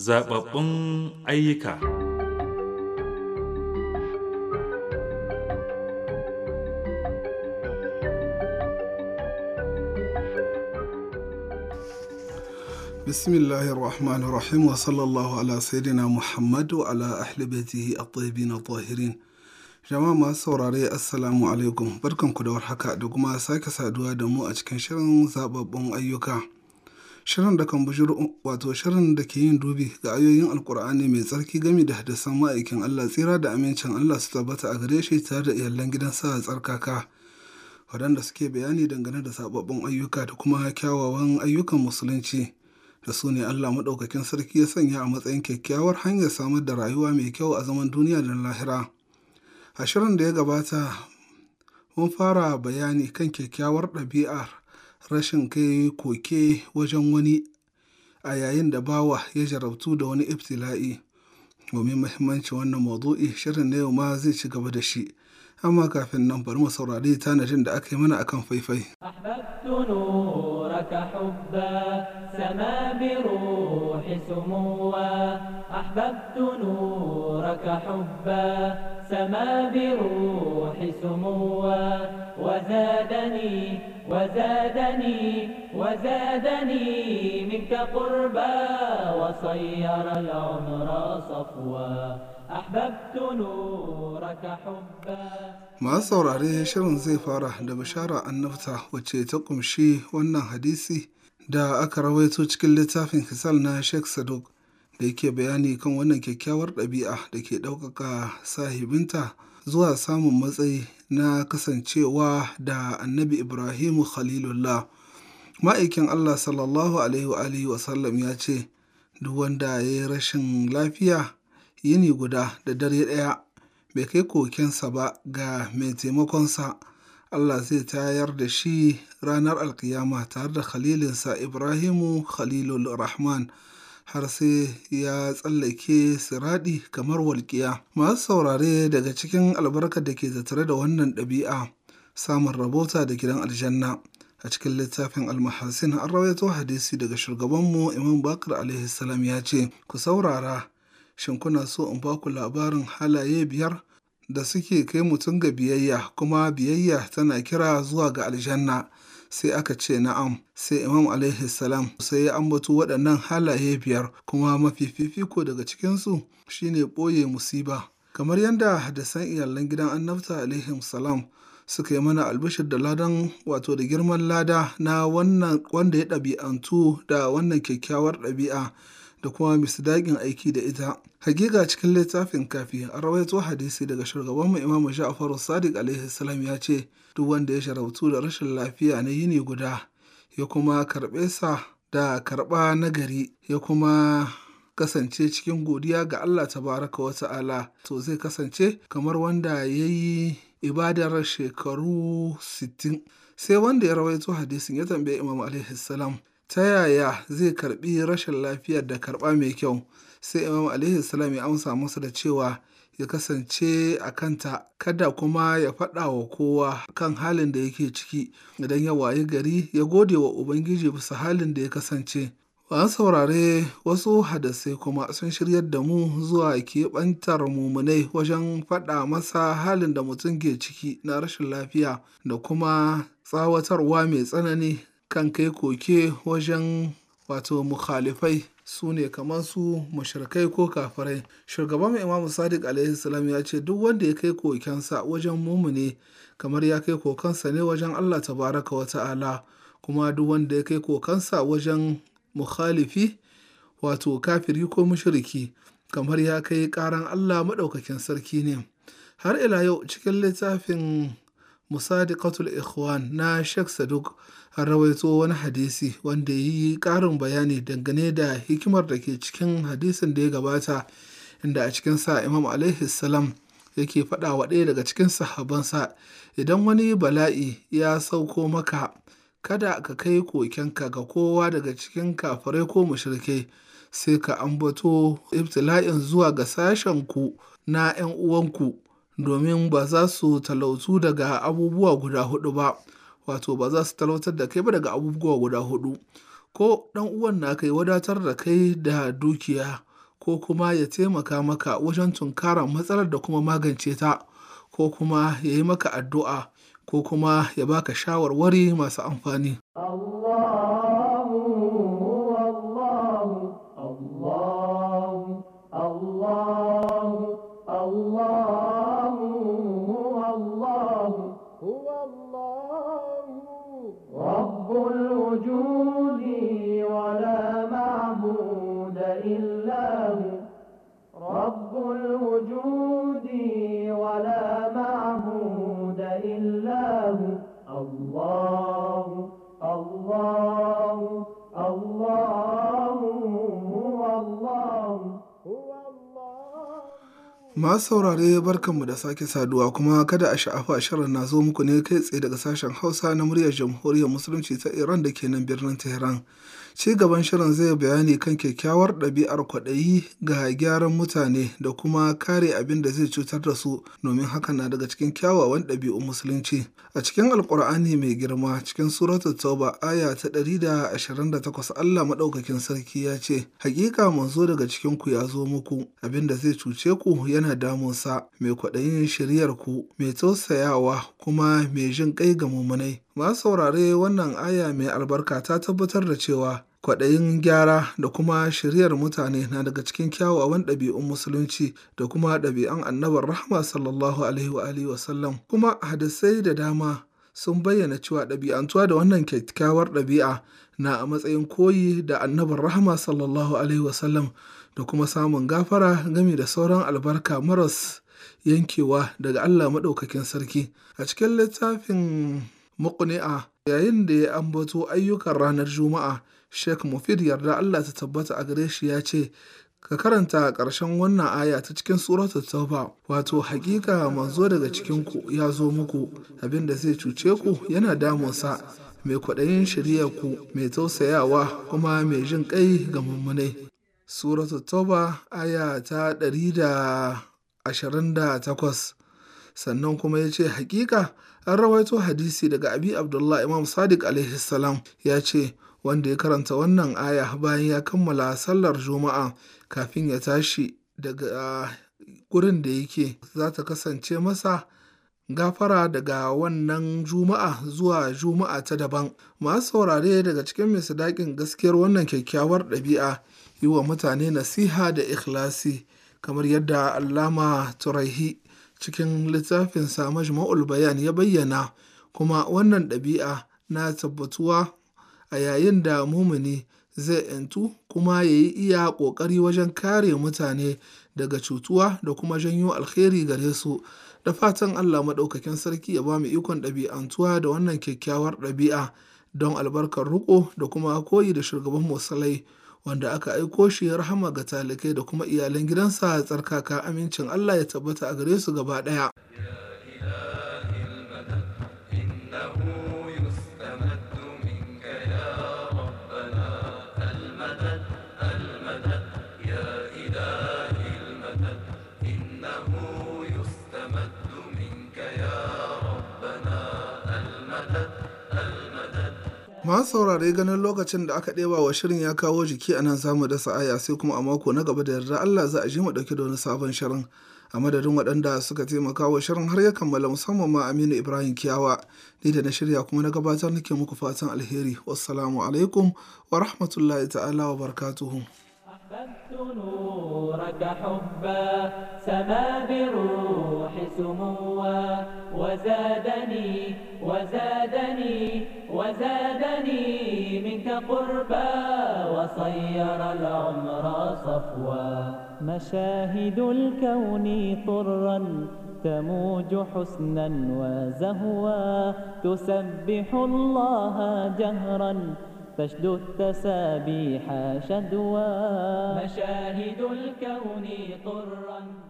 zababbun ayyuka bismillahir rahmanir rahim wa sallallahu ala sayyidina muhammad jama'a masu saurare assalamu alaikum barkanku da warhaka da kuma sake saduwa da mu a cikin shirin ayyuka Shirin da kan bujiro wato shirin da ke yin dubi ga ayoyin alkur'ani mai tsarki gami da hadisan ma'aikin Allah tsira da amincin Allah su tabbata a gare shi tare da iyalan gidan sa tsarkaka. Waɗanda suke bayani dangane da sababbin ayyuka da kuma kyawawan ayyukan musulunci. da su ne Allah maɗaukakin sarki ya sanya a matsayin kyakkyawar hanyar samar da rayuwa mai kyau a zaman duniya da lahira. A shirin da ya gabata, mun fara bayani kan kyakkyawar ɗabi'ar rashin kai koke wajen wani a yayin da bawa ya jarabtu da wani ibtila'i domin mahimmanci wannan maudu'i shirin na yau ma zai ci gaba da shi amma kafin nan bari mu saurari tanajin da aka yi mana akan faifai أحببت نورك حبا سما بروحي سموا وزادني وزادني وزادني منك قربا وصير العمر صفوا أحببت نورك حبا masu saurare shirin zai fara da bishara annabta wacce ta kumshi wannan hadisi da aka rawaito cikin littafin hisal na sheikh sadok da yake bayani kan wannan kyakkyawar ɗabi'a da ke ɗaukaka sahibinta zuwa samun matsayi na kasancewa da Annabi ibrahim Khalilullah. Ma'aikin Allah sallallahu Alaihi wasallam ya ce, Duk wanda ya yi rashin lafiya yini guda da dare ɗaya bai kai kokensa ba ga mai taimakonsa, Allah zai tayar da shi ranar alkiyama tare da khalilinsa Ibrahimu khalilul Rahman. har sai ya tsallake siraɗi kamar walƙiya. Masu saurare daga cikin albarkar da ke zatare da wannan ɗabi'a samun rabota da gidan aljanna. a cikin littafin almahasin an rawaito hadisi daga shugabanmu imam bakar alaihi ya ce ku saurara shin kuna so in baku labarin halaye biyar da suke kai mutum ga biyayya kuma biyayya tana kira zuwa ga aljanna sai aka ce na'am sai imam alaihi salam sai ya ambato waɗannan halaye biyar kuma mafi fifiko daga cikinsu shine ɓoye musiba kamar yadda da san iyalan gidan annabta alaihi salam suka yi mana albishir da ladan wato da girman lada na wannan wanda ya ɗabi'antu da wannan kyakkyawar ɗabi'a da kuma misdaƙin aiki da ita. Hakika cikin littafin kafi a rawaito hadisi daga shugaban shugabanmu Imam shafaru Sadiq alaihi salam ya ce duk wanda ya sharautu da rashin lafiya na yini guda ya kuma karɓe sa da karɓa nagari ya kuma kasance cikin godiya ga Allah ta baraka wa ta'ala to zai kasance kamar wanda ya yi ibadar shekaru sittin. sai wanda ya rawaito hadisin ya tambaye imam alaihi salam ta yaya zai karɓi rashin lafiyar da karɓa mai kyau sai imam alaihi salam ya amsa musu da cewa ya kasance a kanta kada kuma ya faɗa wa kowa kan halin da yake ciki idan ya wayi gari ya gode wa ubangiji bisa halin da ya kasance an saurare wasu hadasai kuma sun shiryar da mu zuwa keɓantar mumunai wajen faɗa masa halin da mutum ke ciki na rashin lafiya da kuma tsawatarwa mai tsanani kan kai koke wajen wato mukhalifai su ne kamar su mashirkai ko kafirai shugaban imamu sadiq alaihi salam ya ce duk wanda ya kai kokensa wajen mumune kamar ya kai kokansa ne wajen allah tabaraka wa ta'ala kuma duk wanda ya kai kokansa wajen mukhalifi wato kafiri ko mushriki kamar ya kai karan allah maɗaukakin sarki ne har ila yau cikin littafin musadiqatul ikhwan na sheikh saduk har rawaito wani hadisi wanda ya yi ƙarin bayani dangane da hikimar da ke cikin hadisin da ya gabata inda a cikin sa imam alaihi salam yake faɗa wa ɗaya daga cikin sahabansa idan wani bala'i ya sauko maka kada ka kai kokenka ga kowa daga cikin kafirai ko mushrikai sai ka ambato ibtila'in zuwa ga sashen ku na 'yan uwanku domin ba za su talautu daga abubuwa guda hudu ba wato ba za su talautar da kai ba daga abubuwa guda hudu ko ɗan uwan naka kai wadatar da kai da dukiya ko kuma ya taimaka maka wajen tunkara matsalar da kuma magance ta ko kuma ya yi maka addu'a ko kuma ya baka shawarwari masu amfani. Allah Masu saurare barkanmu da sake saduwa kuma kada a sha'afa shirin na zo muku ne kai tsaye daga sashen Hausa na muryar Jamhuriyar Musulunci ta Iran da ke nan birnin Tehran. Ci gaban shirin zai bayani kan kyakkyawar ɗabi'ar kwaɗayi ga gyaran mutane da kuma kare abin da zai cutar da su domin haka na daga cikin kyawawan ɗabi'un Musulunci. A cikin Alƙur'ani mai girma cikin suratul Tauba aya ta ɗari da da takwas, Allah maɗaukakin sarki ya ce, "Hakika manzo daga cikin ku ya zo muku abin da zai cuce ku yana damunsa, mai kwaɗayin shiryar ku, mai tausayawa kuma mai jin ƙai ga mumunai. Ma saurare wannan aya mai albarka ta tabbatar da cewa kwaɗayin gyara da kuma shiryar mutane na daga cikin kyawawan ɗabi'un musulunci da kuma ɗabi'an annabar rahma sallallahu alaihi wa alihi wasallam kuma hadisai da dama sun bayyana cewa ɗabi'antuwa da wannan kyakkyawar ɗabi'a na a matsayin koyi da annabar rahma sallallahu alaihi wasallam da kuma samun gafara gami da sauran albarka maras yankewa daga Allah Maɗaukakin Sarki. A cikin littafin muƙuni'a yayin da ya ambato ayyukan ranar Juma'a, Sheikh Mufid yarda Allah ta tabbata a gare shi ya ce, Ka karanta ƙarshen wannan aya ta cikin suratu Tauba, wato hakika manzo daga cikinku ya zo muku, abin da zai cuce ku yana damunsa, mai kwaɗayin shirya ku, mai tausayawa kuma mai jin ƙai ga mummunai. Suratu toba aya ta 128 sannan kuma ya ce hakika an rawaito hadisi daga abi abdullah imam sadiq alaihi salam ya ce wanda ya karanta wannan aya bayan ya kammala sallar juma'a kafin ya tashi daga ah, gurin da yake za ta kasance masa gafara daga wannan juma'a zuwa juma'a ta daban masu saurare daga cikin mai sadakin gaskiyar wannan kyakkyawar ɗabi'a yi wa mutane nasiha da ikhlasi kamar yadda allama turaihi cikin littafinsa majma'ul bayan ya bayyana kuma wannan ɗabi'a na tabbatuwa a yayin da mumuni zai ‘yantu kuma ya yi iya ƙoƙari wajen kare mutane daga cutuwa da kuma janyo alheri gare su da fatan Allah maɗaukakin sarki ya ba mu ikon ɗabi'antuwa da wannan kyakkyawar ɗabi'a don albarkar riƙo da kuma koyi da shugaban musulai. wanda aka aiko shi ya rahama ga talikai da kuma iyalan gidansa tsarkaka amincin Allah ya tabbata a gare su gaba ɗaya. Masu saurare ganin lokacin da aka ɗeba wa shirin ya kawo jiki a nan zamu da aya sai kuma a mako na gaba da yarda Allah za a ji mu ɗauki da wani sabon shirin. A madadin waɗanda suka taimaka wa shirin har ya kammala musamman ma Aminu Ibrahim Kiyawa ni da na shirya kuma na gabatar nake muku fatan alheri. Wassalamu alaikum wa rahmatullahi ta'ala wa barakatuhu. نورك حبا سما بروح سموا وزادني وزادني وزادني منك قربا وصير العمر صفوا مشاهد الكون طرا تموج حسنا وزهوا تسبح الله جهرا فاشدوا التسابيح شدوى مشاهد الكون طرا